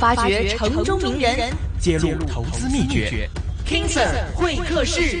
發掘城中名人，揭露投資秘訣 King Sir 會客室。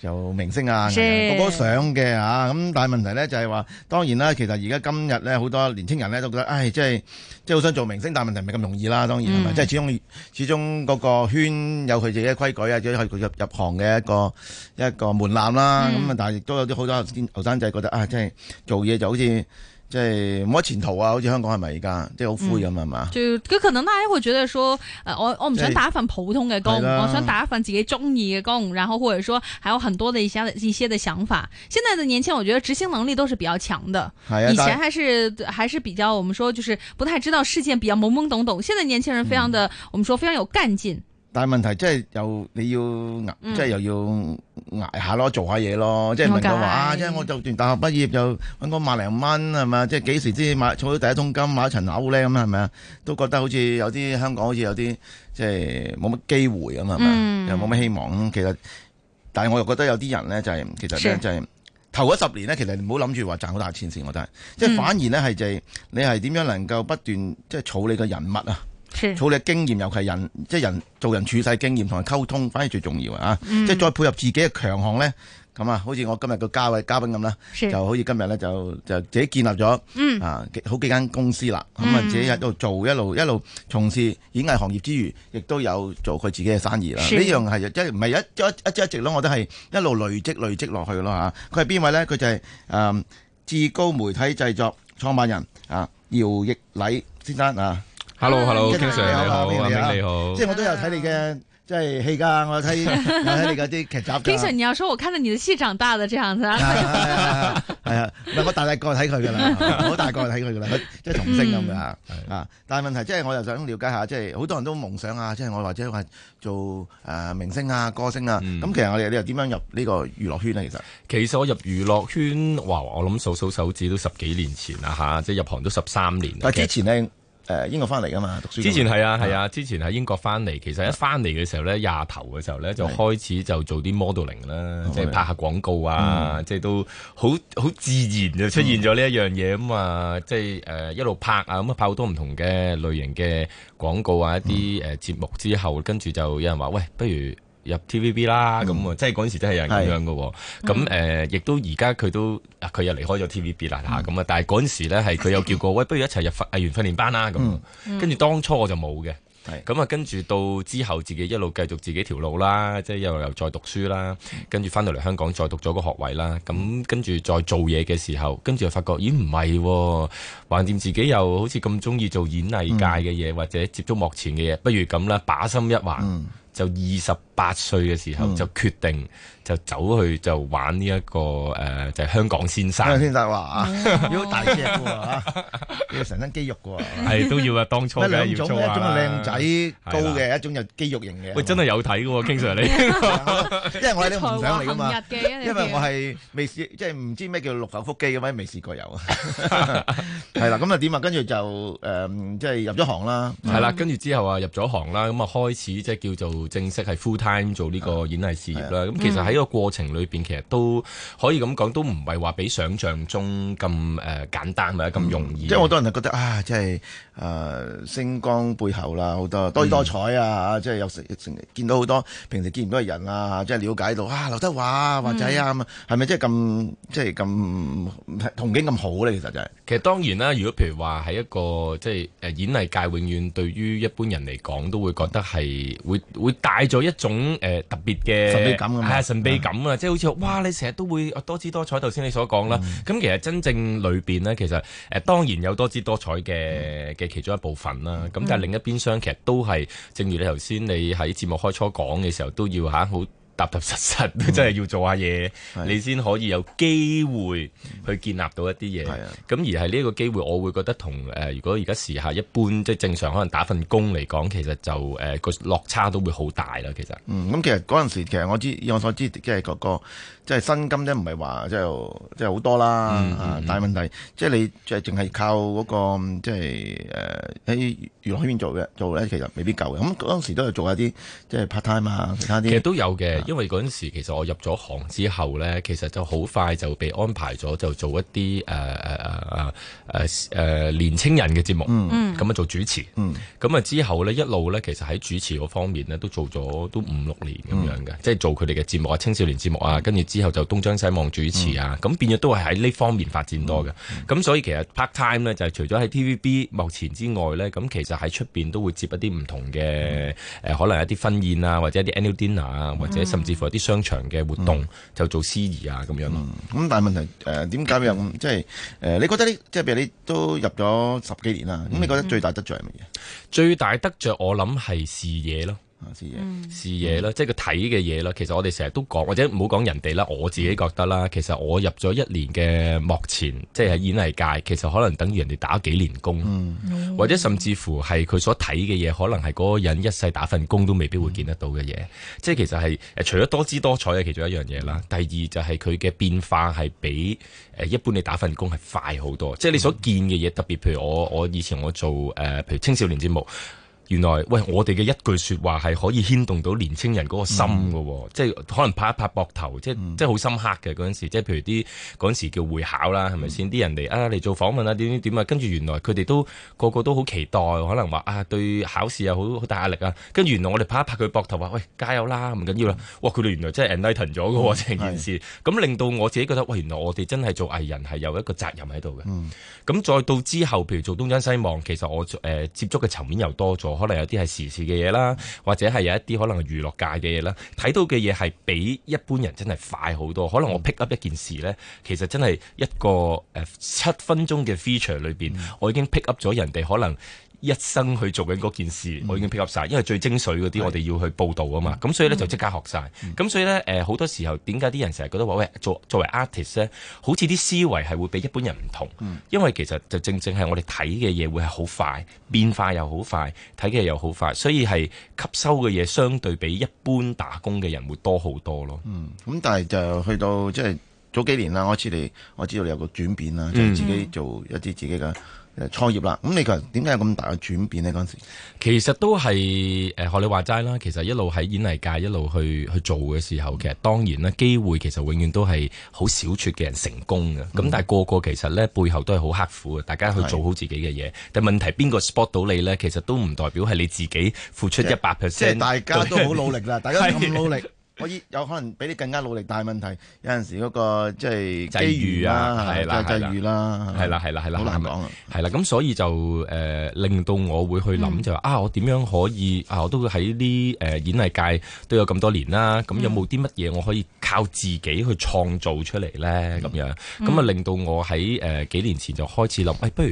就明星啊，個個都想嘅啊，咁但係問題咧就係話，當然啦，其實而家今日咧好多年青人咧都覺得，唉，即係即係好想做明星，但係問題唔係咁容易啦，當然係咪？即係、嗯、始終始終嗰個圈有佢自己嘅規矩啊，或者係入入行嘅一個一個門檻啦。咁啊、嗯，但係亦都有啲好多後生仔覺得啊，即係做嘢就好似。即係冇乜前途啊！好似香港係咪而家，即係好灰咁啊嘛？嗯、就佢可能大家會覺得說，誒、呃，我我唔想打一份普通嘅工，就是、我想打一份自己中意嘅工，然後的或者說還有很多的一些一些的想法。現在的年輕人我覺得執行能力都是比較強的，的以前還是，是還是比較我們說就是不太知道世界，比較懵懵懂懂，現在年輕人非常的、嗯、我們說非常有幹勁。但係問題即係又你要捱，嗯、即係又要捱下，下咯，做下嘢咯，嗯、即係能夠話即係我讀完大學畢業就揾個萬零蚊係嘛，即係幾時先買儲到第一桶金買一層樓咧咁係咪啊？都覺得好似有啲香港好似有啲即係冇乜機會咁啊嘛，是是嗯、又冇乜希望。其實，但係我又覺得有啲人咧就係其實咧就係頭嗰十年咧，其實唔好諗住話賺好大錢先，我都係即係反而咧係就係你係點樣能夠不斷，不斷即係儲你個人物啊！處理嘅經驗，尤其人即係人做人處世經驗同埋溝通，反而最重要啊！嗯、即係再配合自己嘅強項咧，咁啊，好似我今日個教位嘉賓咁啦，就好似今日咧就就自己建立咗、嗯、啊好幾間公司啦，咁、嗯、啊、嗯、自己喺度做一路一路從事演藝行業之餘，亦都有做佢自己嘅生意啦。呢、啊、是樣係即係唔係一一一直咯一直，我都係一路累積累積落去咯吓。佢係邊位咧？佢就係誒至高媒體製作創辦人啊，啊，姚亦澧先生啊。啊啊啊 hello hello King Sir 你好，邊個你好，即係我都有睇你嘅即係戲噶，我有睇睇你嗰啲劇集噶。King Sir 你要說我看着你的戲長大的這樣先。係啊係啊係啊，係啊，唔係我大大個睇佢噶啦，我大個睇佢噶啦，即係童星咁噶啊！但係問題即係我又想了解下，即係好多人都夢想啊，即係我或者話做誒明星啊、歌星啊，咁其實我哋你又點樣入呢個娛樂圈啊？其實其實我入娛樂圈哇，我諗數數手指都十幾年前啦吓，即係入行都十三年。但係之前咧。誒英國翻嚟㗎嘛？讀書之前係啊係吧啊，之前喺英國翻嚟。其實一翻嚟嘅時候咧，廿是頭嘅時候咧，就開始就做啲 modeling 啦是，即係拍下廣告啊，的即係都好好自然就出現咗呢一樣嘢咁啊！的嗯、即係誒、呃、一路拍啊，咁啊拍好多唔同嘅類型嘅廣告啊，一啲誒節目之後，跟住的就有人話：喂，不如。入 T.V.B. 啦，咁啊、嗯，即係嗰陣時真係有人咁樣噶喎、喔。咁誒、嗯呃，亦都而家佢都佢又離開咗 T.V.B. 啦嚇咁啊。看看嗯、但係嗰陣時咧，係佢有叫過， 喂，不如一齊入藝員訓練班啦。咁、嗯、跟住當初我就冇嘅。咁啊是，跟住到之後自己一路繼續自己條路啦，即係又又再讀書啦，跟住翻到嚟香港再讀咗個學位啦。咁跟住再做嘢嘅時候，跟住又發覺咦唔係，橫掂、喔、自己又好似咁中意做演藝界嘅嘢，嗯、或者接觸幕前嘅嘢，不如咁啦，把心一橫就二十八歲嘅時候就決定就走去就玩呢一個誒就係香港先生。香港先生話：要大隻嘅喎，要成身肌肉嘅喎，係都要嘅。當初咧要一種一種係靚仔高嘅，一種又肌肉型嘅。喂，真係有睇嘅喎，KingSir 你，因為我係啲唔想嚟嘅嘛。因為我係未試，即係唔知咩叫六頭腹肌咁樣，未試過有啊。係啦，咁啊點啊？跟住就誒，即係入咗行啦。係啦，跟住之後啊，入咗行啦，咁啊開始即係叫做正式係 fulltime 做呢個演藝事業啦，咁、嗯、其實喺個過程裏邊，其實都可以咁講，都唔係話比想像中咁誒簡單或者咁容易。即係好多人係覺得啊，即係誒星光背後啦，好多多姿多彩啊，嗯、即係有成成有時見到好多平時見唔到嘅人啊，即係了解到啊，劉德華華仔啊，咁係咪即係咁即係咁同境咁好咧？其實就係、是、其實當然啦。如果譬如話喺一個即係誒演藝界，永遠對於一般人嚟講，都會覺得係會會帶咗一種。咁、呃、特別嘅神秘感啊、哎，神秘感啊，嗯、即係好似哇！你成日都會多姿多彩，頭先你所講啦。咁、嗯、其實真正裏邊咧，其實誒、呃、當然有多姿多彩嘅嘅、嗯、其中一部分啦。咁但係另一邊廂，其實都係正如你頭先你喺節目開初講嘅時候，都要嚇好。呃踏踏實實、嗯、真係要做下嘢，的你先可以有機會去建立到一啲嘢。咁的而係呢個機會，我會覺得同誒、呃，如果而家時下一般即係正常，可能打份工嚟講，其實就誒個、呃、落差都會好大啦。其實，嗯，咁其實嗰陣時，其實我知以我所知，即係個個。即係薪金咧，唔係話即係即係好多啦。嗯嗯、啊大問題，即係你淨係淨係靠嗰個即係誒喺娛樂圈做嘅做咧，其實未必夠嘅。咁當時都係做一啲即係 part time 啊，其他啲其實都有嘅。因為嗰陣時其實我入咗行之後咧，其實就好快就被安排咗就做一啲誒誒誒誒誒誒年青人嘅節目，咁啊、嗯、做主持。咁啊、嗯嗯、之後咧一路咧，其實喺主持嗰方面咧都做咗都五六年咁樣嘅，嗯、即係做佢哋嘅節目啊、青少年節目啊，跟住。之後就東張西望主持啊，咁、嗯、變咗都係喺呢方面發展多嘅，咁、嗯、所以其實 part time 咧就係、是、除咗喺 TVB 幕前之外咧，咁其實喺出邊都會接一啲唔同嘅誒、嗯呃，可能一啲婚宴啊，或者一啲 annual dinner 啊、嗯，或者甚至乎一啲商場嘅活動，嗯、就做司儀啊咁樣咯。咁、嗯、但係問題誒，點解又即係誒、呃？你覺得即係譬如你都入咗十幾年啦，咁、嗯、你覺得最大得着係乜嘢？最大得着我諗係視野咯。視、啊、野，視、嗯、野啦，即係佢睇嘅嘢啦。其實我哋成日都講，或者唔好講人哋啦，我自己覺得啦。其實我入咗一年嘅幕前，嗯、即係喺演藝界，其實可能等於人哋打幾年工，嗯、或者甚至乎係佢所睇嘅嘢，可能係嗰個人一世打份工都未必會見得到嘅嘢。嗯、即係其實係除咗多姿多彩嘅其中一樣嘢啦，第二就係佢嘅變化係比誒一般你打份工係快好多。即係、嗯、你所見嘅嘢，特別譬如我我以前我做誒、呃，譬如青少年節目。原來喂，我哋嘅一句説話係可以牽動到年青人嗰個心嘅、哦，嗯、即係可能拍一拍膊頭，即係、嗯、即係好深刻嘅嗰陣時。即係譬如啲嗰陣時叫會考啦，係咪先？啲、嗯、人嚟啊嚟做訪問啊，點點點啊，跟住原來佢哋都個個都好期待，可能話啊對考試又好好大壓力啊。跟住原來我哋拍一拍佢膊頭話：喂，加油啦，唔緊要啦。哇！佢哋原來真係 enlighten 咗嘅喎、嗯，成件事咁令到我自己覺得，喂，原來我哋真係做藝人係有一個責任喺度嘅。咁、嗯嗯、再到之後，譬如做東張西望，其實我誒、呃、接觸嘅層面又多咗。可能有啲係時事嘅嘢啦，或者係有一啲可能係娛樂界嘅嘢啦。睇到嘅嘢係比一般人真係快好多。可能我 pick up 一件事呢，其實真係一個誒、呃、七分鐘嘅 feature 裏邊，我已經 pick up 咗人哋可能。一生去做緊嗰件事，嗯、我已經 pick up 晒，因為最精髓嗰啲我哋要去報導啊嘛，咁、嗯、所以咧就即刻學晒。咁、嗯、所以咧，誒、呃、好多時候點解啲人成日覺得話喂，作作為 artist 咧，好似啲思維係會比一般人唔同，嗯、因為其實就正正係我哋睇嘅嘢會係好快，變化又好快，睇嘅嘢又好快，所以係吸收嘅嘢相對比一般打工嘅人會多好多咯。嗯，咁但係就去到即係、就是、早幾年啦，我知你我知道你有個轉變啦，即、就、係、是、自己做一啲自己嘅。嗯嗯創業啦，咁你其人點解有咁大嘅轉變呢？嗰陣時其實都係誒，學、呃、你話齋啦，其實一路喺演藝界一路去去做嘅時候，其實當然啦，機會其實永遠都係好少撮嘅人成功嘅，咁、嗯、但係個個其實咧背後都係好刻苦嘅，大家去做好自己嘅嘢。的但係問題邊個 spot 到你咧？其實都唔代表係你自己付出一百 percent，即係大家都好努力啦，對大家都好努、的努力。可以有可能俾你更加努力，大問題，有陣時嗰個即係際遇啊，係啦，際遇啦，係啦，係啦，係啦，好難講，係啦。咁所以就誒令到我會去諗，就話啊，我點樣可以啊？我都會喺呢啲誒演藝界都有咁多年啦。咁有冇啲乜嘢我可以靠自己去創造出嚟咧？咁樣，咁啊，令到我喺誒幾年前就開始諗，喂，不如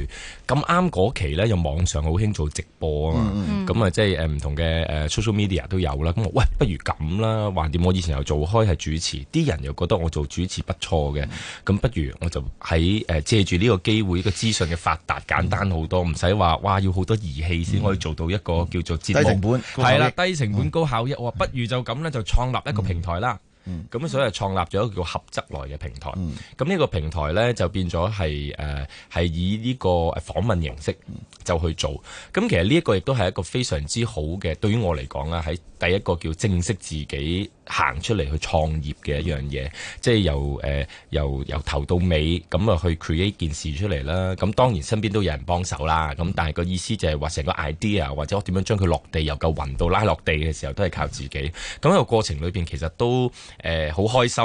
咁啱嗰期咧，有網上好興做直播啊嘛。咁啊，即係誒唔同嘅誒 social media 都有啦。咁喂，不如咁啦，我以前又做開係主持，啲人又覺得我做主持不錯嘅，咁、嗯、不如我就喺誒借住呢個機會，呢個資訊嘅發達簡單好多，唔使話哇要好多儀器先可以做到一個叫做節目，係啦，低成本高效益，嗯、我話不如就咁呢，就創立一個平台啦。嗯嗯嗯，咁所以創立咗一個叫合則來嘅平台。咁呢、嗯、個平台呢，就變咗係誒係以呢個訪問形式就去做。咁、嗯、其實呢一個亦都係一個非常之好嘅，對於我嚟講啦，喺第一個叫正式自己行出嚟去創業嘅一樣嘢，嗯、即係由誒、呃、由由頭到尾咁啊、嗯、去 create 件事出嚟啦。咁、嗯、當然身邊都有人幫手啦，咁、嗯嗯、但係個意思就係話成個 idea 或者我點樣將佢落地，由嚿雲到拉落地嘅時候都係靠自己。咁喺個過程裏邊其實都～誒，好、呃、開心，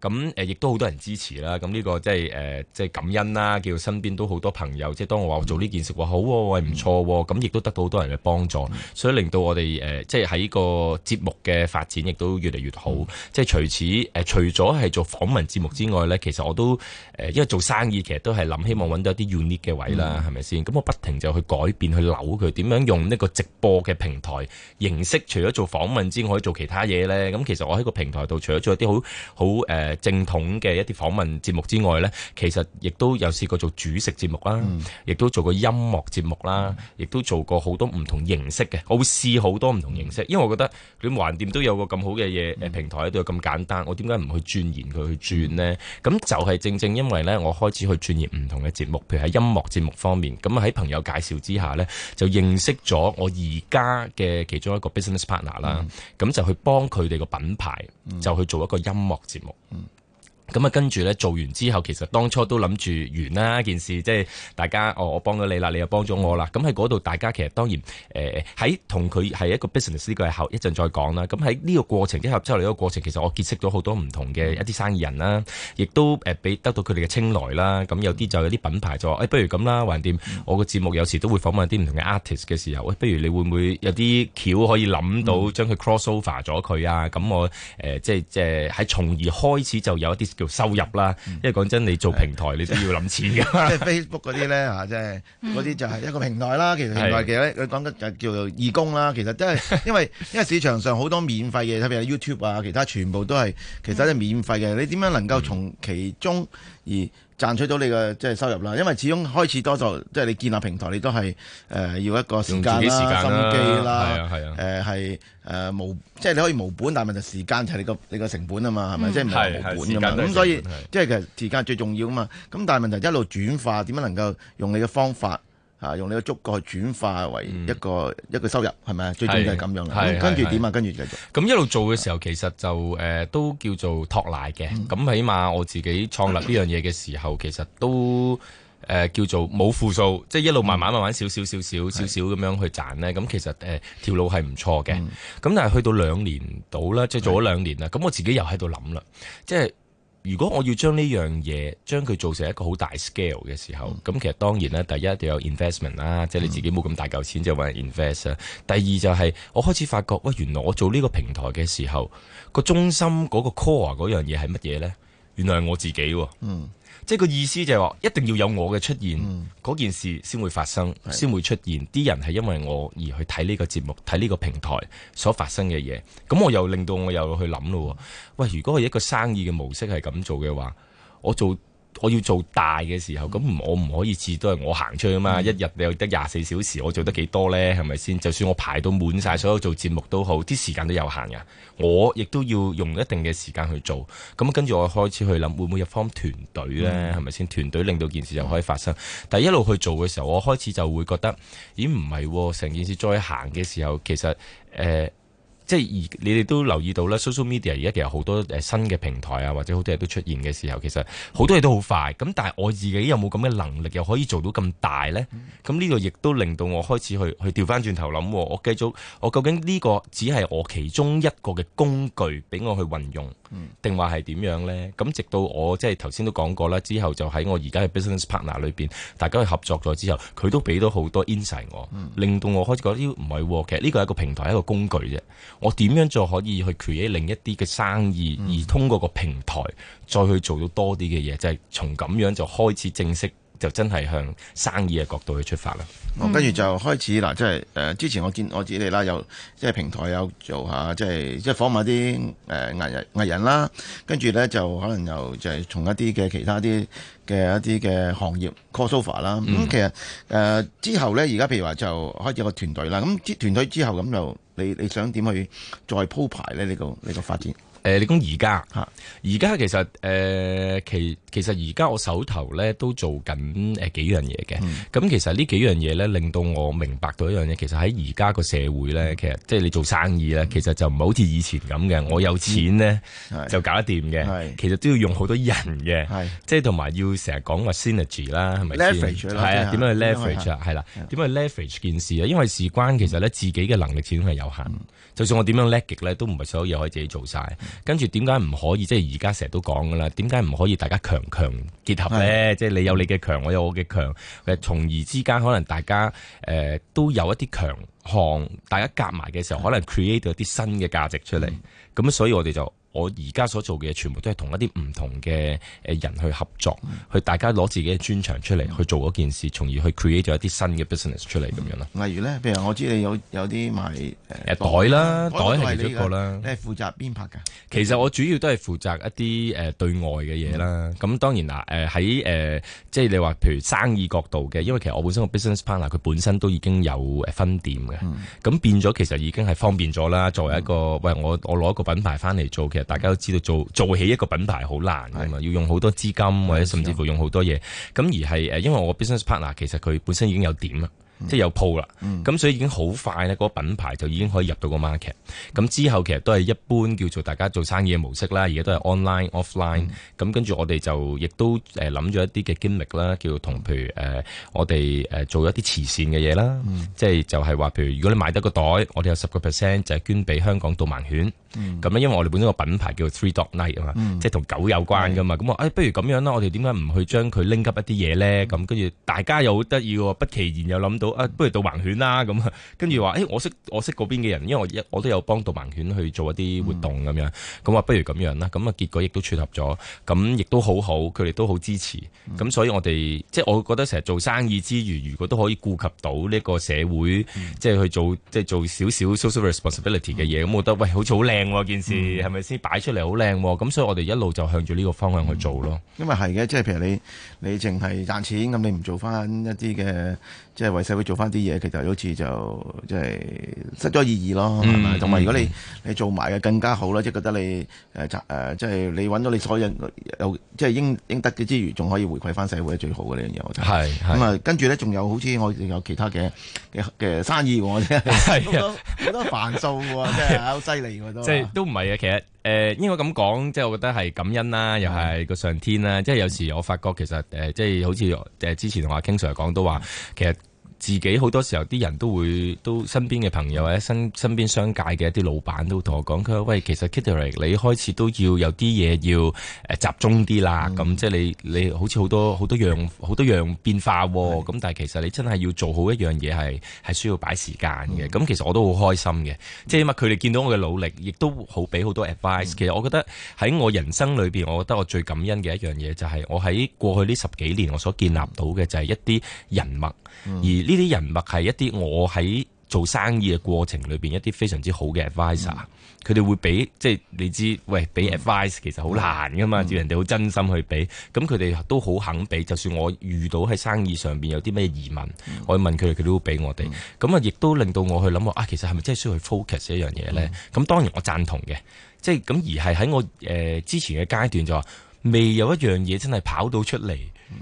咁誒，亦、呃、都好多人支持啦。咁呢、這個即係誒，即係感恩啦。叫身邊都好多朋友，即係當我話我做呢件事，話、嗯、好唔、哦、錯、哦，咁亦都得到好多人嘅幫助，嗯、所以令到我哋誒、呃，即係喺個節目嘅發展，亦都越嚟越好。嗯、即係除此誒、呃，除咗係做訪問節目之外呢，其實我都誒、呃，因為做生意，其實都係諗希望揾到一啲 unique 嘅位啦，係咪先？咁我不停就去改變，去扭佢點樣用呢個直播嘅平台形式，除咗做訪問之外，可以做其他嘢呢？咁其實我喺個平台度。除咗一啲好好誒，正統嘅一啲訪問節目之外咧，其實亦都有試過做主食節目啦，亦、嗯、都做過音樂節目啦，亦都做過好多唔同形式嘅。我會試好多唔同形式，因為我覺得喺橫掂都有個咁好嘅嘢，誒，平台都有咁簡單，我點解唔去鑽研佢去轉咧？咁就係正正因為咧，我開始去鑽研唔同嘅節目，譬如喺音樂節目方面，咁喺朋友介紹之下咧，就認識咗我而家嘅其中一個 business partner 啦、嗯。咁就去幫佢哋個品牌就。去做一個音樂節目。嗯咁啊，跟住咧做完之後，其實當初都諗住完啦一件事，即係大家，哦，我幫咗你啦，你又幫咗我啦。咁喺嗰度，大家其實當然，誒喺同佢係一個 business 呢個係後一陣再講啦。咁喺呢個過程之後，之後嚟一個過程，其實我結識咗好多唔同嘅一啲生意人啦，亦都誒俾得到佢哋嘅青睞啦。咁、嗯、 有啲就有啲品牌就話誒、哎、不如咁啦，橫掂我個節目有時都會訪問啲唔同嘅 artist 嘅時候，喂、哎、不如你會唔會有啲橋可以諗到將佢 crossover 咗佢啊？咁、啊嗯、我誒、呃、即係即係喺從而開始就有一啲。叫收入啦，嗯、因為講真，你做平台的你都要諗錢㗎嘛。即係 Facebook 嗰啲咧嚇，即係嗰啲就係一個平台啦。 其實平台其實佢講緊就叫做義工啦。其實都係因為 因為市場上好多免費嘅特別係 YouTube 啊，其他全部都係其實都係免費嘅。你點樣能夠從其中而賺取到你嘅即係收入啦，因為始終開始多數即係你建立平台，你都係誒、呃、要一個時間啦、心機啦、係啊係啊誒係誒無即係你可以無本，但係問題時間就係你個你個成本啊嘛，係咪、嗯、即係唔係無本咁嘛？咁所以即係其實時間最重要啊嘛。咁但係問題一路轉化，點樣能夠用你嘅方法？啊！用你個觸覺去轉化為一個一個收入，係咪最終就係咁樣啦。跟住點啊？跟住繼續。咁一路做嘅時候，其實就誒都叫做托賴嘅。咁起碼我自己創立呢樣嘢嘅時候，其實都誒叫做冇負數，即係一路慢慢慢慢少少少少少少咁樣去賺咧。咁其實誒條路係唔錯嘅。咁但係去到兩年度啦，即係做咗兩年啦。咁我自己又喺度諗啦，即係。如果我要將呢樣嘢，將佢做成一個好大 scale 嘅時候，咁、嗯、其實當然咧，第一一定要有 investment 啦，即係你自己冇咁大嚿錢、嗯、就揾人 invest。第二就係、是、我開始發覺，喂，原來我做呢個平台嘅時候，個中心嗰個 core 嗰樣嘢係乜嘢呢？原來係我自己喎。嗯即係個意思就係話，一定要有我嘅出現，嗰、嗯、件事先會發生，先、嗯、會出現。啲是的 人係因為我而去睇呢個節目，睇呢個平台所發生嘅嘢。咁我又令到我又去諗咯。喂，如果係一個生意嘅模式係咁做嘅話，我做。我要做大嘅時候，咁我唔可以至都係我行出去啊嘛。嗯、一日你又得廿四小時，我做得幾多呢？係咪先？就算我排到滿晒所有做節目都好，啲時間都有限㗎。我亦都要用一定嘅時間去做。咁跟住我開始去諗，會唔會入翻團隊呢？係咪先？嗯、團隊令到件事又可以發生。嗯、但一路去做嘅時候，我開始就會覺得咦，唔係成件事再行嘅時候，其實誒。呃即係而你哋都留意到啦 social media 而家其實好多誒新嘅平台啊，或者好多嘢都出現嘅時候，其實好多嘢都好快。咁但係我自己有冇咁嘅能力，又可以做到咁大咧？咁呢個亦都令到我開始去去調翻轉頭諗，我繼續，我究竟呢個只係我其中一個嘅工具，俾我去運用，定話係點樣咧？咁直到我即係頭先都講過啦，之後就喺我而家嘅 business partner 裏邊，大家去合作咗之後，佢都俾到好多 insight 我，嗯、令到我開始覺得，咦，唔係，其實呢個係一個平台，一個工具啫。我點樣做可以去 create 另一啲嘅生意，而通過個平台再去做到多啲嘅嘢，就係、是、從咁樣就開始正式，就真係向生意嘅角度去出發啦、嗯哦。跟住就開始嗱，即係誒、呃、之前我見我知你啦，有即係平台有做下，即係即係訪問一啲誒、呃、藝人藝人啦，跟住咧就可能又就係從一啲嘅其他啲嘅一啲嘅行業 call sofa 啦。咁、嗯、其實誒、呃、之後咧，而家譬如話就開始有個團隊啦。咁啲團隊之後咁就。你你想點去再鋪排咧？呢個呢個發展。誒，你講而家，而家其實誒，其其實而家我手頭咧都做緊誒幾樣嘢嘅。咁其實呢幾樣嘢咧，令到我明白到一樣嘢，其實喺而家個社會咧，其實即係你做生意咧，其實就唔係好似以前咁嘅。我有錢咧就搞得掂嘅，其實都要用好多人嘅，即係同埋要成日講話 synergy 啦，係咪先？係啊，點樣去 leverage 啊？係啦，點樣去 leverage 件事啊？因為事關其實咧，自己嘅能力始終係有限。就算我點樣叻極咧，都唔係所有嘢可以自己做晒。跟住點解唔可以即係而家成日都講㗎喇？點解唔可以大家強強結合呢？即係的你有你嘅強，我有我嘅強，誒從而之間可能大家誒都有一啲強項，大家夾埋嘅時候，可能 create 到啲新嘅價值出嚟。咁的所以我哋就。我而家所做嘅全部都係同一啲唔同嘅誒人去合作，去大家攞自己嘅專長出嚟去做嗰件事，從而去 create 咗一啲新嘅 business 出嚟咁樣啦，例如咧，譬如我知你有有啲賣誒袋啦，袋係出個啦。你係負責邊 part 㗎？其實我主要都係負責一啲誒對外嘅嘢啦。咁當然啦，誒喺誒即係你話譬如生意角度嘅，因為其實我本身個 business partner 佢本身都已經有誒分店嘅，咁變咗其實已經係方便咗啦。作為一個喂我我攞一個品牌翻嚟做嘅。大家都知道做做起一個品牌好難㗎嘛，的要用好多資金的或者甚至乎用好多嘢，咁的而係誒，因為我 business partner 其實佢本身已經有點啊。即係有鋪啦，咁所以已經好快咧，個品牌就已經可以入到個 market。咁之後其實都係一般叫做大家做生意嘅模式啦。而家都係 online、offline。咁跟住我哋就亦都誒諗咗一啲嘅 gimmick 啦，叫同譬如誒我哋誒做一啲慈善嘅嘢啦。即係就係話譬如如果你買得個袋，我哋有十個 percent 就係捐俾香港導盲犬。咁咧，因為我哋本身個品牌叫做 Three Dog Night 啊嘛，即係同狗有關噶嘛。咁啊誒不如咁樣啦，我哋點解唔去將佢拎急一啲嘢咧？咁跟住大家又好得意喎，不其然又諗到。啊、不如導盲犬啦咁，跟住話：誒、欸，我識我識嗰邊嘅人，因為我我都有幫導盲犬去做一啲活動咁、嗯、樣。咁話不如咁樣啦。咁啊，結果亦都撮合咗，咁亦都好好，佢哋都好支持。咁、嗯、所以我，我哋即係我覺得成日做生意之餘，如果都可以顧及到呢個社會，嗯、即係去做即係做少少 social responsibility 嘅嘢，咁、嗯、我覺得喂，好似好靚喎件事，係咪先擺出嚟好靚喎？咁所以我哋一路就向住呢個方向去做咯。嗯、因為係嘅，即係譬如你譬如你淨係賺錢咁，你唔做翻一啲嘅即係為社會。去做翻啲嘢，其實好似就即係失咗意義咯，同埋如果你你做埋嘅更加好啦，即係覺得你誒集即係你揾到你所有人即係應應得嘅之餘，仲可以回饋翻社會，係最好嘅呢樣嘢。我係咁啊，跟住咧，仲有好似我有其他嘅嘅生意喎，真係好多好多繁數喎，真係好犀利嘅都。即係都唔係啊！其實誒應該咁講，即係我覺得係感恩啦，又係個上天啦。即係有時我發覺其實誒即係好似誒之前同阿 King Sir 講都話其實。自己好多時候啲人都會都身邊嘅朋友或者身身邊商界嘅一啲老闆都同我講佢話喂，其實 Kitty，你開始都要有啲嘢要誒集中啲啦。咁、嗯、即係你你好似好多好多樣好多樣變化咁是但係其實你真係要做好一樣嘢係係需要擺時間嘅。咁、嗯、其實我都好開心嘅。即係起碼佢哋見到我嘅努力，亦都好俾好多 advice，嗯。其實我覺得喺我人生裏邊我覺得我最感恩嘅一樣嘢就係我喺過去呢十幾年我所建立到嘅就係一啲人脈、嗯、而。呢啲人物係一啲我喺做生意嘅過程裏邊一啲非常之好嘅 adviser，佢哋會俾即係你知，喂俾 advice 其實好難噶嘛，叫、嗯、人哋好真心去俾，咁佢哋都好肯俾。就算我遇到喺生意上邊有啲咩疑問，嗯、我問佢哋，佢都會俾我哋。咁啊、嗯，亦都令到我去諗啊，其實係咪真係需要去 focus 一樣嘢呢？嗯，咁當然我贊同嘅，即係咁而係喺我誒之前嘅階段就話，未有一樣嘢真係跑到出嚟。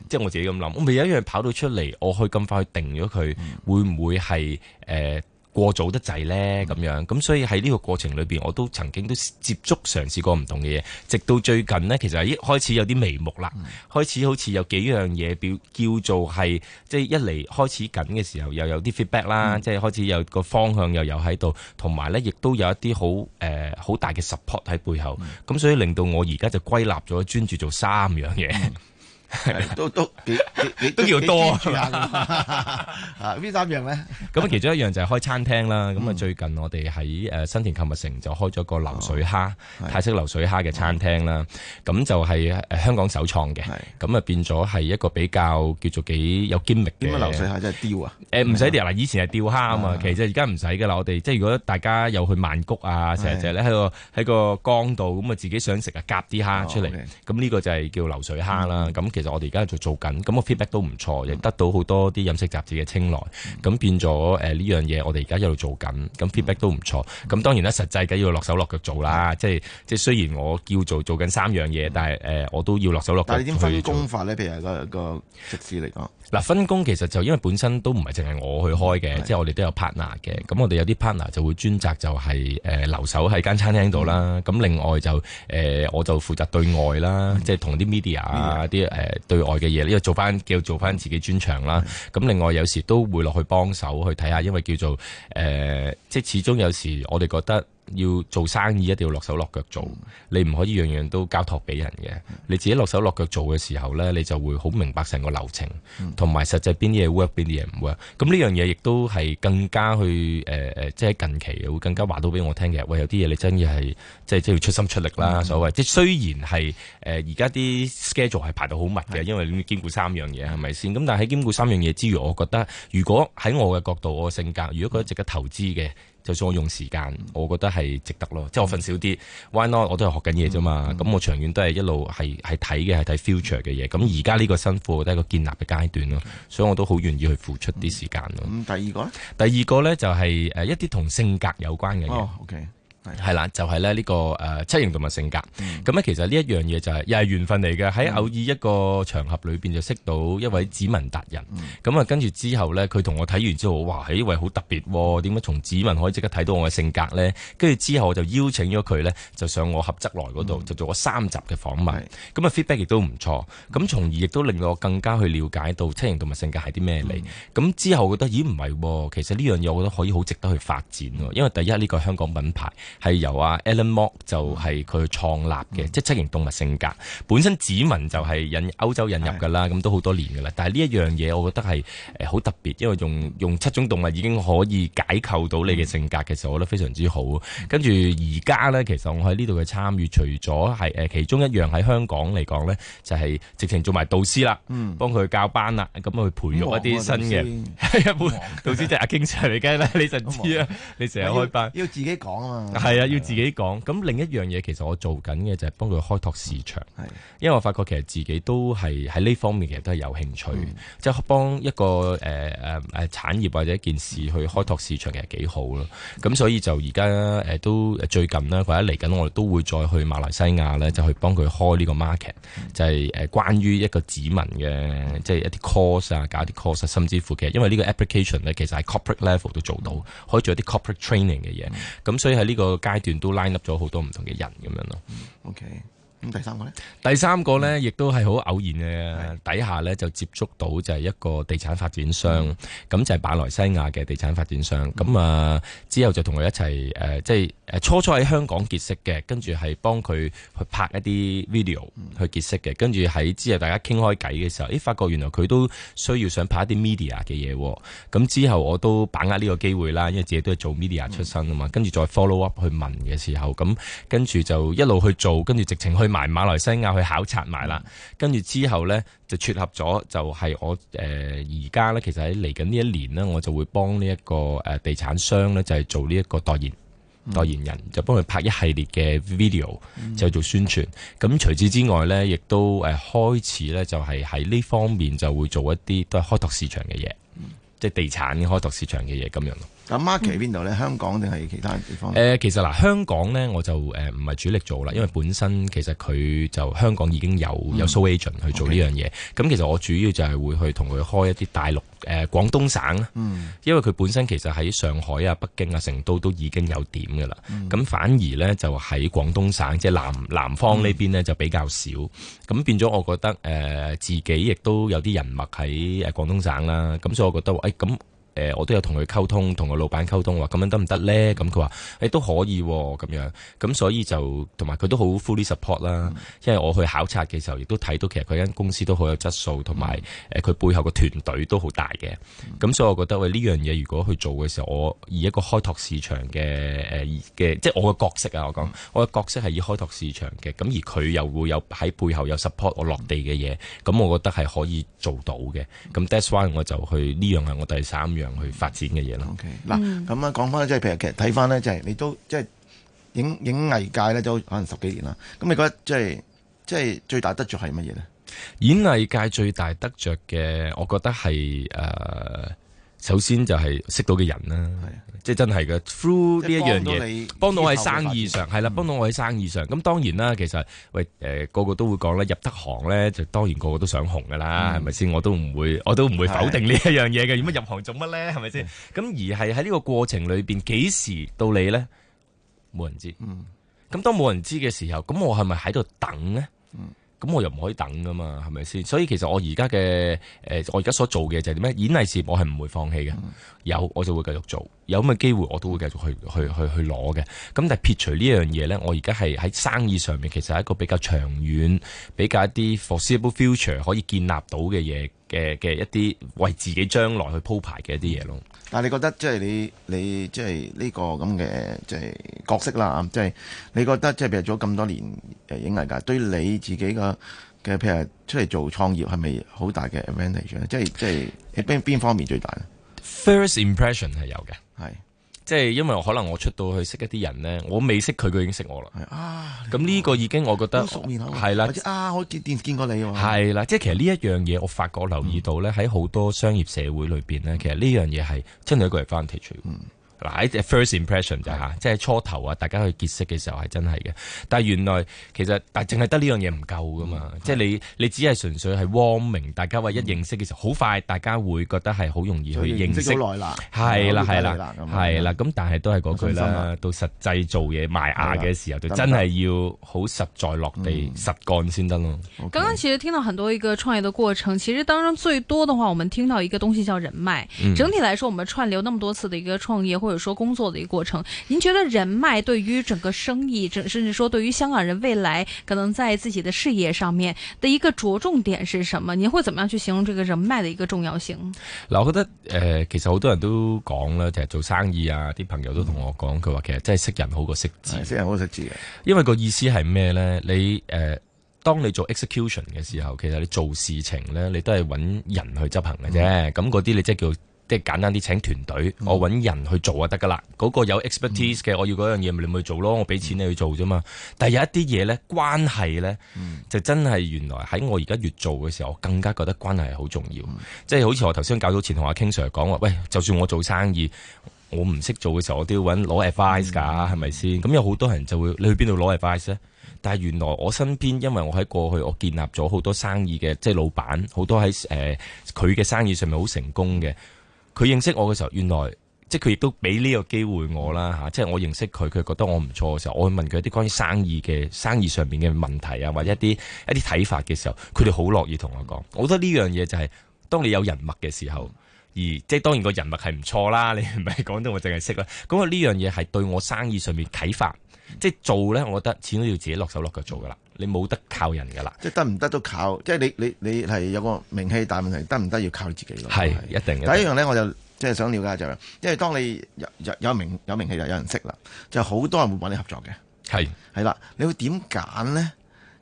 即係我自己咁諗，我未有一樣跑到出嚟，我可以咁快去定咗佢，會唔會係誒、呃、過早得滯呢？咁樣咁，嗯、所以喺呢個過程裏邊，我都曾經都接觸嘗試過唔同嘅嘢，直到最近呢，其實一開始有啲眉目啦，嗯、開始好似有幾樣嘢叫叫做係，即、就、係、是、一嚟開始緊嘅時候，又有啲 feedback 啦，即係、嗯、開始有個方向又有喺度，同埋呢亦都有一啲好誒好大嘅 support 喺背後，咁、嗯、所以令到我而家就歸納咗專注做三樣嘢。嗯都都幾幾都叫多啊！啊呢三樣咧，咁啊其中一樣就係開餐廳啦。咁啊最近我哋喺誒新田購物城就開咗個流水蝦泰式流水蝦嘅餐廳啦。咁就係誒香港首創嘅。咁啊變咗係一個比較叫做幾有揭秘嘅流水蝦真係釣啊！誒唔使釣喇，以前係釣蝦啊嘛。其實而家唔使噶啦。我哋即係如果大家有去曼谷啊成日成日咧喺個喺個江度咁啊自己想食啊夾啲蝦出嚟。咁呢個就係叫流水蝦啦。咁。其實我哋而家喺度做緊，咁、那個 feedback 都唔錯，亦、嗯、得到好多啲飲食雜誌嘅青睞。咁、嗯、變咗誒呢樣嘢，我哋而、嗯、家一度做緊，咁 feedback 都唔錯。咁、嗯、當然啦，實際嘅要落手落腳做啦、嗯。即係即係雖然我叫做做緊三樣嘢，嗯、但係誒、呃、我都要落手落腳。但係你點分工法咧？譬如個個食肆嚟講。嗱、啊，分工其實就因為本身都唔係淨係我去開嘅，的即係我哋都有 partner 嘅。咁我哋有啲 partner 就會專責就係、是、誒、呃、留守喺間餐廳度啦。咁的另外就誒、呃、我就負責對外啦，即係同啲 media 啊啲誒對外嘅嘢，呢，就做返叫做翻自己專長啦。咁的另外有時都會落去幫手去睇下，因為叫做誒、呃、即係始終有時我哋覺得，要做生意一定要落手落腳做，嗯、你唔可以樣樣都交託俾人嘅。嗯、你自己落手落腳做嘅時候呢，你就會好明白成個流程，同埋、嗯、實際邊啲嘢 work，邊啲嘢唔 work。咁呢樣嘢亦都係更加去誒誒、呃，即係近期會更加話到俾我聽嘅。喂、呃，有啲嘢你真係係即係即要出心出力啦，嗯、所謂。即係雖然係誒而家啲 schedule 係排到好密嘅，嗯、因為你要兼顧三樣嘢係咪先？咁、嗯、但係兼顧三樣嘢之餘，我覺得如果喺我嘅角度，我嘅性格，如果覺得值得投資嘅。就算我用時間，我覺得係值得咯。即係我瞓少啲，Why not？我都係學緊嘢啫嘛。咁、嗯嗯、我長遠都係一路係係睇嘅，係睇 future 嘅嘢。咁而家呢個辛苦都係個建立嘅階段咯。嗯、所以我都好願意去付出啲時間咯、嗯嗯。第二個呢，第二個咧就係誒一啲同性格有關嘅嘢。Oh, OK。係啦，就係咧呢個誒、呃、七型動物性格，咁、嗯、咧其實呢一樣嘢就係、是、又係緣分嚟嘅。喺偶爾一個場合裏邊就識到一位指紋達人，咁啊跟住之後呢，佢同我睇完之後，哇！呢位好特別、哦，點解從指紋可以即刻睇到我嘅性格呢？」跟住之後我就邀請咗佢呢，就上我合則來嗰度，就做咗三集嘅訪問，咁啊、嗯嗯、feedback 亦都唔錯，咁從而亦都令我更加去了解到七型動物性格係啲咩嚟。咁之、嗯、後我覺得咦唔係、呃，其實呢樣嘢我覺得可以好值得去發展，因為第一呢、這個香港品牌。係由阿 Alan Mok 就係佢創立嘅，即、就、係、是、七型動物性格本身指紋就係引歐洲引入㗎啦，咁的都好多年㗎啦。但係呢一樣嘢，我覺得係誒好特別，因為用用七種動物已經可以解構到你嘅性格嘅時候，我覺得非常之好。跟住而家咧，其實我喺呢度嘅參與，除咗係誒其中一樣喺香港嚟講咧，就係、是、直情做埋導師啦，嗯，幫佢教班啦，咁去培育一啲新嘅。係、嗯、啊，導師、， 啊、 導師就係阿 King Sir 嚟嘅啦，你就知、嗯、啊，你成日開班要，要自己講啊。係啊，要自己講，咁的另一樣嘢，其實我做緊嘅就係幫佢開拓市場，係的，因為我發覺其實自己都係喺呢方面其實都係有興趣。即係幫一個誒誒誒產業或者一件事去開拓市場，其實幾好咯。咁、嗯、所以就而家誒都最近啦，或者嚟緊我哋都會再去馬來西亞咧，就去幫佢開呢個 market。嗯、就係誒關於一個指紋嘅，嗯、即係一啲 course 啊，搞啲 course，甚至乎其實因為個呢個 application 咧，其實係 corporate level 都做到，可以做一啲 corporate training 嘅嘢。咁、嗯、所以喺呢、這個。個階段都 line up 咗好多唔同嘅人咁樣咯。Okay. 咁第三個咧？第三個咧，亦都係好偶然嘅是的 底下咧，就接觸到就係一個地產發展商，咁就係馬來西亞嘅地產發展商。咁、嗯、啊，之後就同佢一齊誒、呃、即係誒初初喺香港結識嘅，跟住係幫佢去拍一啲 video 去結識嘅。跟住喺之後大家傾開偈嘅時候，誒發覺原來佢都需要想拍一啲 media 嘅嘢喎。咁之後我都把握呢個機會啦，因為自己都係做 media 出身啊嘛。跟住、嗯、再 follow up 去問嘅時候，咁跟住就一路去做，跟住直情去。埋馬來西亞去考察埋啦，跟住之後呢，就撮合咗，就係我誒而家呢。其實喺嚟緊呢一年呢，我就會幫呢一個誒、呃、地產商呢，就係、是、做呢一個代言、嗯、代言人，就幫佢拍一系列嘅 video 就做宣傳。咁、嗯、除此之外呢，亦都誒、呃、開始呢，就係喺呢方面就會做一啲都係開拓市場嘅嘢，嗯、即係地產嘅開拓市場嘅嘢咁樣。咁 market 邊度咧？香港定係其他地方？誒、呃，其實嗱、呃，香港咧我就誒唔係主力做啦，因為本身其實佢就香港已經有有 show、嗯、agent 去做呢樣嘢。咁、嗯 okay. 其實我主要就係會去同佢開一啲大陸誒、呃、廣東省，因為佢本身其實喺上海啊、北京啊、成都都已經有點嘅啦。咁、嗯、反而咧就喺廣東省，即係南南方呢邊咧、嗯、就比較少。咁變咗，我覺得誒、呃、自己亦都有啲人脈喺誒廣東省啦。咁所以，我覺得誒咁。欸欸欸欸欸欸嗯誒，我都有同佢溝通，同個老闆溝通，話咁樣得唔得呢？咁佢話誒都可以咁、啊、樣，咁所以就同埋佢都好 fully support 啦。因為我去考察嘅時候，亦都睇到其實佢間公司都好有質素，同埋誒佢背後個團隊都好大嘅。咁所以我覺得喂呢、欸、樣嘢如果去做嘅時候，我以一個開拓市場嘅嘅、呃，即係我嘅角色啊，我講我嘅角色係以開拓市場嘅。咁而佢又會有喺背後有 support 我落地嘅嘢，咁我覺得係可以做到嘅。咁 that’s why 我就去呢樣係我第三樣。去發展嘅嘢咯。嗱 Okay.、mm，咁啊講翻即係，譬如，其實睇翻咧，就係你都即係影影藝界咧都可能十幾年啦。咁你覺得即係即係最大得着係乜嘢咧？演藝界最大得着嘅，我覺得係誒、呃，首先就係識到嘅人啦。係。.即係真係嘅，through 呢一樣嘢，幫到我喺生意上。係、嗯、啦，幫到我喺生意上。咁當然啦，其實喂，誒、呃，個個都會講啦，入得行咧，就當然個個都想紅噶啦，係咪先？我都唔會，我都唔會否定呢一樣嘢嘅。點解入行做乜咧？係咪先？咁、嗯、而係喺呢個過程裏邊，幾時到你咧？冇人知。嗯。咁當冇人知嘅時候，咁我係咪喺度等咧？嗯。咁我又唔可以等㗎嘛，係咪先？所以其實我而家嘅誒，我而家所做嘅就係點呢？演藝事業我係唔會放棄嘅，有我就會繼續做，有咁嘅機會我都會繼續去去去去攞嘅。咁但係撇除呢樣嘢咧，我而家係喺生意上面，其實係一個比較長遠、比較一啲 foreseeable future 可以建立到嘅嘢嘅嘅一啲為自己將來去鋪排嘅一啲嘢咯。但係你覺得即係你你即係呢個咁嘅即係角色啦，即係你覺得即係做咗咁多年誒、呃、影藝界，對你自己個嘅譬如出嚟做創業係咪好大嘅 advantage 咧？即係即係喺邊邊方面最大咧？First impression 係有嘅，係。即係因為可能我出到去識一啲人咧，我未識佢佢已經識我啦。啊，咁呢個已經我覺得熟面口係啦。啊，我見見見過你喎。係啦吧，吧即係其實呢一樣嘢，我發覺我留意到咧，喺好、嗯、多商業社會裏邊咧，其實呢樣嘢係真係一個係翻、嗯嗯 First impression 就吓，即係初頭啊，大家去結識嘅時候係真係嘅。但係原來其實，但淨係得呢樣嘢唔夠噶嘛，即係你你只係純粹係 warm，大家話一認識嘅時候，好快大家會覺得係好容易去認識，識咗耐啦，係啦係啦係啦，咁但係都係嗰句啦，到實際做嘢埋牙嘅時候，就真係要好實在落地實幹先得咯。剛剛其實聽到很多一個創業嘅過程，其實當中最多的話，我們聽到一個東西叫人脈，整體來說，我們串流那麼多次的一個創業。或者說工作的一個過程，您覺得人脈對於整個生意，甚至說對於香港人未來可能在自己的事業上面的一個着重點是什麼？您會怎麼樣去形容這個人脈的一個重要性？嗱，我覺得誒、呃，其實好多人都講啦，就係做生意啊，啲朋友都同我講，佢話、嗯、其實真係識人好過識字，識人好識字。因為個意思係咩咧？你誒、呃，當你做 execution 嘅時候，其實你做事情咧，你都係揾人去執行嘅啫。咁嗰啲你即係叫。即係簡單啲，請團隊，我揾人去做就得㗎啦。嗰、嗯、個有 expertise 嘅，我要嗰樣嘢，咪你咪做咯，我俾錢你去做啫嘛。但係有一啲嘢咧，關係咧，嗯、就真係原來喺我而家越做嘅時候，我更加覺得關係係好重要。嗯、即係好似我頭先搞到，前同阿 King Sir 講話，喂，就算我做生意，我唔識做嘅時候，我都要揾攞 advice 噶，係咪先？咁有好多人就會，你去邊度攞 advice 咧？但係原來我身邊，因為我喺過去，我建立咗好多生意嘅，即係老闆，好多喺誒佢嘅生意上面好成功嘅。佢認識我嘅時候，原來即係佢亦都俾呢個機會我啦嚇、啊，即係我認識佢，佢覺得我唔錯嘅時候，我會問佢一啲關於生意嘅生意上面嘅問題啊，或者一啲一啲睇法嘅時候，佢哋好樂意同我講。我覺得呢樣嘢就係、是、當你有人脈嘅時候，而即係當然個人脈係唔錯啦，你唔係講到我淨係識啦。咁啊呢樣嘢係對我生意上面啟發，即係做咧，我覺得始終要自己落手落腳做噶啦。你冇得靠人㗎啦，即係得唔得都靠，即係你你你係有個名氣，但係問題得唔得要靠自己咯。係一定嘅。一定第一樣咧，我就即係想了解就係、是，因為當你有名有名氣就有人識啦，就好多人會揾你合作嘅。係係啦，你會點揀呢？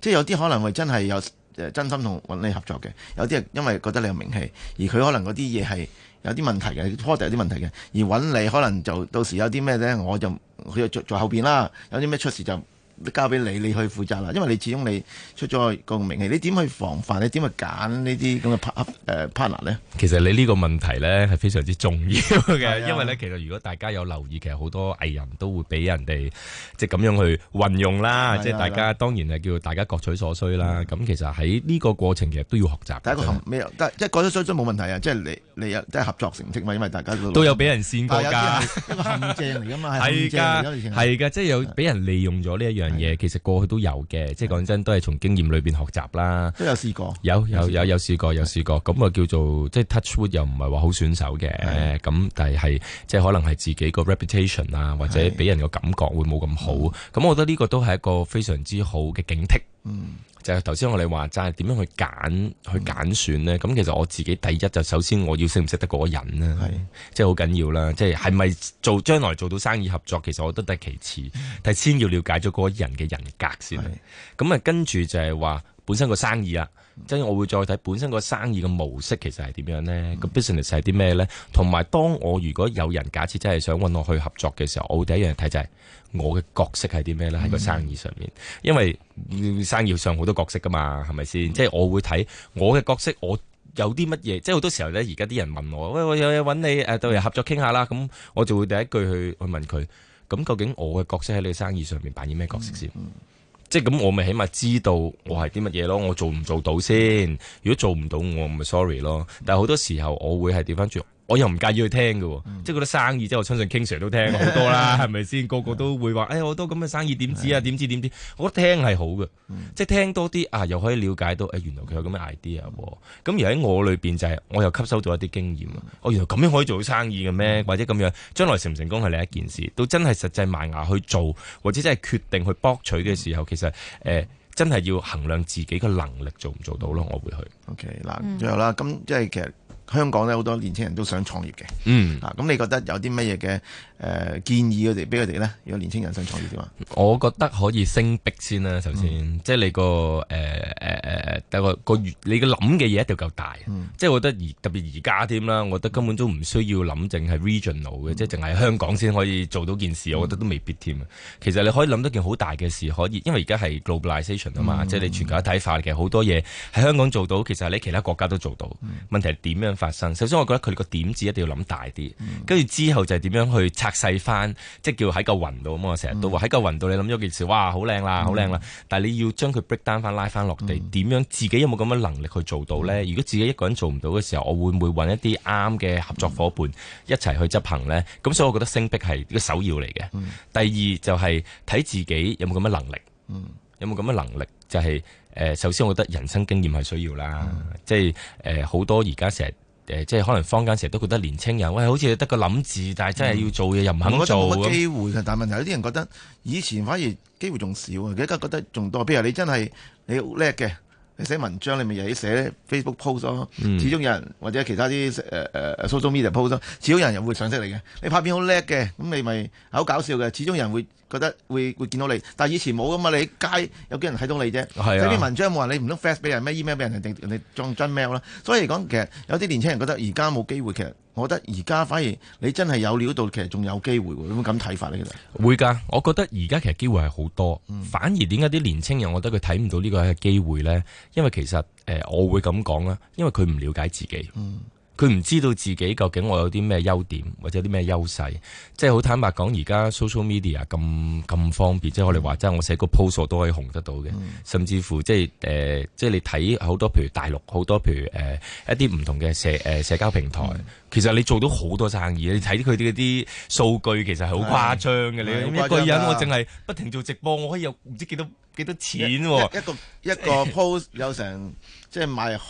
即係有啲可能係真係有誒真心同揾你合作嘅，有啲係因為覺得你有名氣，而佢可能嗰啲嘢係有啲問題嘅 project 有啲問題嘅，而揾你可能就到時有啲咩呢？我就佢就做後邊啦，有啲咩出事就。交俾你，你去負責啦。因為你始終你出咗個名氣，你點去防範你點去揀呢啲咁嘅 partner 咧？其實你呢個問題咧係非常之重要嘅，因為咧其實如果大家有留意，其實好多藝人都會俾人哋即係咁樣去運用啦。即係大家當然係叫大家各取所需啦。咁其實喺呢個過程其實都要學習。第一個陷阱，即係各取所需冇問題啊！即係你你有即係合作成績嘛？因為大家都有俾人跣過㗎，一個陷阱嚟㗎嘛，係㗎，係㗎，即係有俾人利用咗呢一樣。嘅嘢其實過去都有嘅，是的 即係講真都係從經驗裏邊學習啦。都有，有，有，有，有試過，有有有有試過有試過，咁啊是的 叫做即係 touch wood 又唔係話好選手嘅，咁是的 但係即係可能係自己個 reputation 啊或者俾人個感覺會冇咁好，咁是的 我覺得呢個都係一個非常之好嘅警惕。是的 嗯。就係頭先我哋話，就係點樣去揀去揀選咧，咁其實我自己第一就首先我要識唔識得嗰個人咧，即係好緊要啦。即係係咪做將來做到生意合作？其實我覺得係其次，但係先要了解咗嗰個人嘅人格先。咁啊是，跟住就係話。本身個生意啊，即係我會再睇本身個生意嘅模式，其實係點樣呢？個、嗯、business 係啲咩呢？同埋，嗯，當我如果有人假設真係想搵我去合作嘅時候，我會第一樣睇就係我嘅角色係啲咩呢？喺個生意上面，嗯、因為生意上好多角色噶嘛，係咪先？即係我會睇我嘅角色，我有啲乜嘢？即係好多時候呢，而家啲人問我，喂，我有嘢搵你、呃、到時合作傾下啦。咁我就會第一句去去問佢，咁究竟我嘅角色喺你生意上面扮演咩角色先？嗯嗯即係咁，我咪起碼知道我係啲乜嘢咯。我做唔做到先？如果做唔到，我咪 sorry 咯。但係好多時候，我會係調返轉。我又唔介意去聽嘅，即係覺得生意，即係我相信 King Sir 都聽好多啦，係咪先？個個都會話，哎呀，我都咁嘅生意點知啊？點知點知？我聽係好嘅，即係聽多啲啊，又可以了解到，原來佢有咁嘅 idea。咁而喺我裏邊就係，我又吸收到一啲經驗。我原來咁樣可以做到生意嘅咩？或者咁樣將來成唔成功係另一件事。到真係實際埋牙去做，或者真係決定去博取嘅時候，其實誒，真係要衡量自己嘅能力做唔做到咯。我會去。OK，嗱，最後啦，咁即係其實。香港咧，好多年青人都想創業嘅，嗯，啊咁你覺得有啲乜嘢嘅誒建議佢哋俾佢哋咧？如果年青人想創業點啊？我覺得可以升逼先啦、啊，首先，嗯、即係你、呃呃、個誒誒誒誒，有個你嘅諗嘅嘢一定要夠大，嗯、即係我覺得而特別而家添啦，我覺得根本都唔需要諗淨係 regional 嘅、嗯，即係淨係香港先可以做到件事，我覺得都未必添。其實你可以諗到件好大嘅事，可以，因為而家係 globalization 啊嘛，嗯、即係你全球一體化嘅好多嘢喺香港做到，其實喺其他國家都做到。問題係點樣？發生首先，我覺得佢哋個點子一定要諗大啲，跟住、嗯、之後就係點樣去拆細翻，即係叫喺嚿雲度，咁我成日都話喺嚿雲度，你諗咗件事，哇，好靚啦，好靚、嗯、啦！但係你要將佢 break down 翻，拉翻落地，點、嗯、樣自己有冇咁嘅能力去做到呢？如果自己一個人做唔到嘅時候，我會唔會揾一啲啱嘅合作伙伴一齊去執行呢？咁所以我覺得升逼係一個首要嚟嘅。嗯、第二就係睇自己有冇咁嘅能力，嗯、有冇咁嘅能力就係、是、誒、呃。首先，我覺得人生經驗係需要啦，即係誒好多而家成日。誒，即係可能坊間成日都覺得年青人，喂，好似得個諗字，但係真係要做嘢、嗯、又唔肯做，冇乜機會。但係問題有啲人覺得以前反而機會仲少啊，而家覺得仲多。比如你真係你好叻嘅。你寫文章你咪又喺寫 Facebook post 咯，始終有人或者其他啲誒誒 social media post 咯，始終有人又會賞識你嘅。你拍片好叻嘅，咁你咪好搞笑嘅，始終有人會覺得會會見到你。但係以前冇㗎嘛，你喺街有幾人睇到你啫？睇篇、啊、文章冇話，你唔通 fax 俾人咩 email 俾人定人哋裝真 mail 啦。所以嚟講其實有啲年輕人覺得而家冇機會其實。我覺得而家反而你真係有料到，其實仲有機會喎。咁咁睇法呢，其實會㗎。我覺得而家其實機會係好多。嗯、反而點解啲年青人，我覺得佢睇唔到呢個係機會呢？因為其實誒，我會咁講啦，因為佢唔了解自己。嗯佢唔知道自己究竟我有啲咩優點，或者有啲咩優勢，即係好坦白講，而家 social media 咁咁方便，嗯、即係我哋話即係我寫個 post 都可以紅得到嘅，嗯、甚至乎、呃、即係誒即係你睇好多譬如大陸好多譬如誒、呃、一啲唔同嘅社誒、呃、社交平台，嗯、其實你做到好多生意，你睇佢哋嗰啲數據其實係好誇張嘅。啊、你一個人我淨係不停做直播，我可以有唔知幾多幾多錢、啊一，一個一個 post 有成即係賣。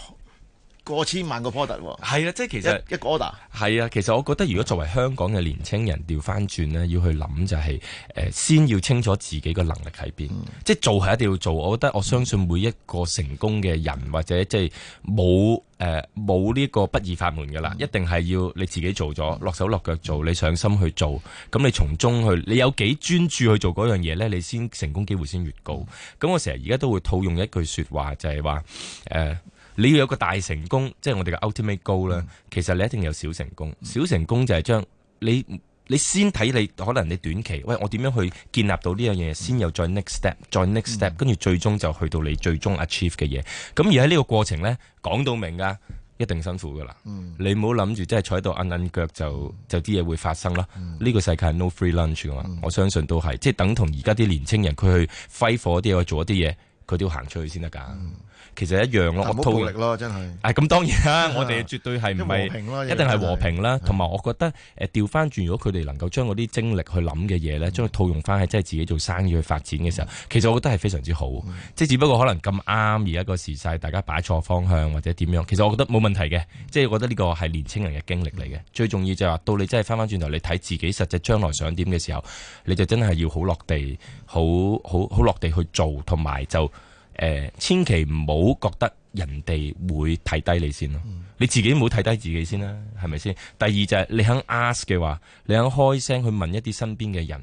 過千萬個 order，係啊，即係其實一,一個 order。係啊，其實我覺得如果作為香港嘅年青人調翻轉呢，要去諗就係、是，誒、呃，先要清楚自己個能力喺邊。嗯、即係做係一定要做，我覺得我相信每一個成功嘅人、嗯、或者即係冇誒冇呢個不二法門噶啦，嗯、一定係要你自己做咗，落手落腳做，你上心去做，咁你從中去，你有幾專注去做嗰樣嘢呢，你先成功機會先越高。咁我成日而家都會套用一句說話，就係、是、話，誒、呃。呃你要有個大成功，即係我哋嘅 ultimate goal 咧。其實你一定有小成功，小成功就係將你你先睇你可能你短期，喂，我點樣去建立到呢樣嘢，先有再 next step，再 next step，跟住最終就去到你最終 achieve 嘅嘢。咁而喺呢個過程咧，講到明噶，一定辛苦噶啦。你唔好諗住即係坐喺度摁摁腳就就啲嘢會發生啦。呢、嗯、個世界係 no free lunch 噶嘛，嗯、我相信都係即係等同而家啲年青人，佢去揮霍啲嘢，去做一啲嘢，佢都要行出去先得噶。嗯其實一樣咯，唔好暴力咯，真係。咁、啊、當然啦、啊，我哋絕對係唔係一定係和平啦，同埋我覺得誒調翻轉，如果佢哋能夠將嗰啲精力去諗嘅嘢咧，嗯、將佢套用翻係即係自己做生意去發展嘅時候，嗯、其實我覺得係非常之好。即係、嗯、只不過可能咁啱而家個時勢，大家擺錯方向或者點樣，其實我覺得冇問題嘅。即係、嗯、覺得呢個係年輕人嘅經歷嚟嘅。嗯、最重要就係、是、話到你真係翻翻轉頭，你睇自己實際將來想點嘅時候，你就真係要好落地，好好好落地去做，同埋就。誒，千祈唔好覺得人哋會睇低你先咯，嗯，你自己冇睇低自己先啦，係咪先？第二就係你肯 ask 嘅話，你肯開聲去問一啲身邊嘅人，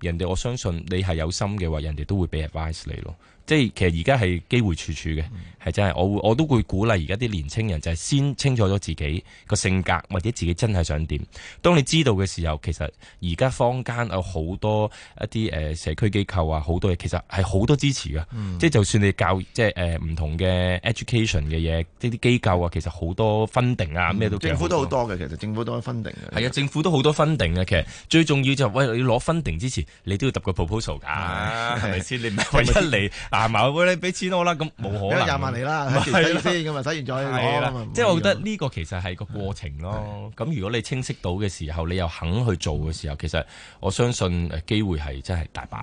人哋我相信你係有心嘅話，人哋都會俾 advice 你咯。即係其實而家係機會處處嘅，係真係我我都會鼓勵而家啲年青人就係先清楚咗自己個性格或者自己真係想點。當你知道嘅時候，其實而家坊間有好多一啲誒社區機構啊，好多嘢其實係好多支持嘅。嗯、即係就算你教即係誒唔同嘅 education 嘅嘢，呢啲機構啊，其實好多 funding 啊咩都政府都好多嘅，其實政府都 funding 嘅。係啊，政府都好多 funding 嘅，其實最重要就係、是、喂，你攞 funding 之前，你都要揼個 proposal 㗎、啊，係咪先？是是 你為乜嚟？ 嗱，咪會你俾錢我啦，咁冇可能廿萬嚟啦，使先咁啊，使完再攞。即係啦我覺得呢個其實係個過程咯。咁如果你清晰到嘅時候，你又肯去做嘅時候，其實我相信誒機會係真係大把。